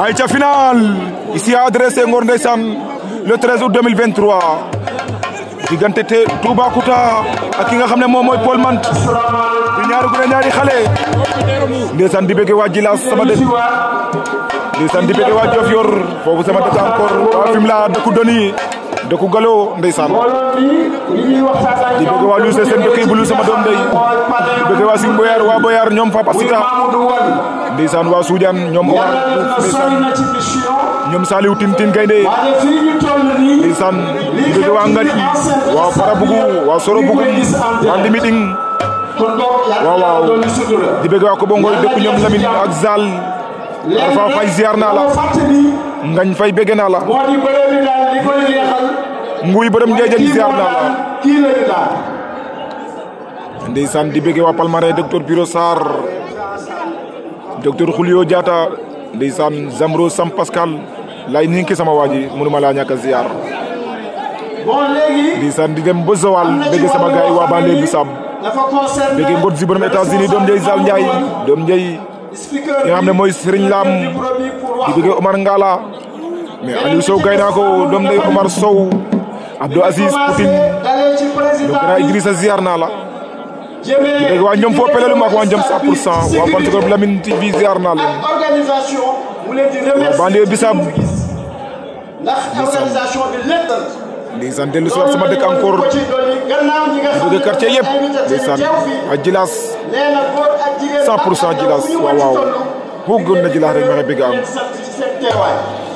ayca final ici à adressé Ngor ndeysaan le 13 août 2023 diggante te Toubacouta ak ki nga xam ne moom mooy Paul Mant di ñaari gune ñaari xale ndeysaan di bëgg waa Jilas sama dëkk ndeysaan di bëgg waa Diofior foofu sama dëkk encore waa Fimela dëkku Doni dëkku Galo ndeysaan di bëgg waa Luuse seen dëkk yi sama doom ndey di waa Sine Boyar waa Boyar ñoom Fapal Sita ndeysaan waa Soudiane ñoom Omar ndeysaan ñoom Saliou Tintin Gaynde ndeysaan jóge waa Ngari waa Farabugu waa bugu waa Ndimiting waaw waaw di bëgg waa ko bongo dëkk ñoom Lamine ak Zal Arfa Fay ziar naa la Ngañ Fay bëgg naa la nguy bërëm njeejeñ ziar naa la ndeysaan di bëgg waa palmaré docteur Biro Sarr docteur Julio jata ndeysaan Zamro Sam Pascal lay ni ki sama waaji mënuma laa ñàkk ziar ndeysaan di dem ba Zawal sama gaay wa Bandé bi Sam bëgg ngot si borom États-Unis dom ndey Zal ndjay dom njëy nga xam moy Serigne Lam di bëgg Omar Ngala mais ali Sow gayna ko dom ndey Omar Sow Abdou Aziz Poutine donc gra Idrissa ziar na la léegi waa ñoom foo pelelu maak waa ñoom 100 pour cent waa Fane Sokone Lamine TV ziar naa leen waa banlieue Bissab ndeysaan dellu si waat sama dëkk encore mu bëgg quartier yëpp ndeysaan waa Djilass 100 pour cent Djilass waaw waaw gën na Djilass rek ma nga am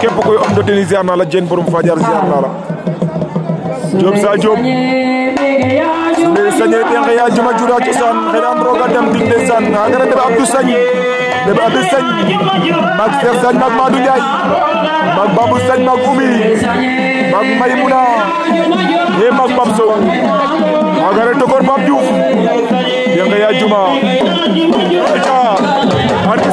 képp kuy homme de tenue ziar naa la jën borom Fajar ziar naa la. sa Diop. ndey sañe tenke yaa juma jura cosaan xelam roga dem dig ndeysaan nga ngara debe Abdou Sagne debe Abdou Sagne mag Cheikh Sagne mag Madou Ndiaye mag Babou Sagne mag Oumi mag Maymouna ye mag Pape Sow maa ngara tokor Pape Diouf tenke yaa juma aca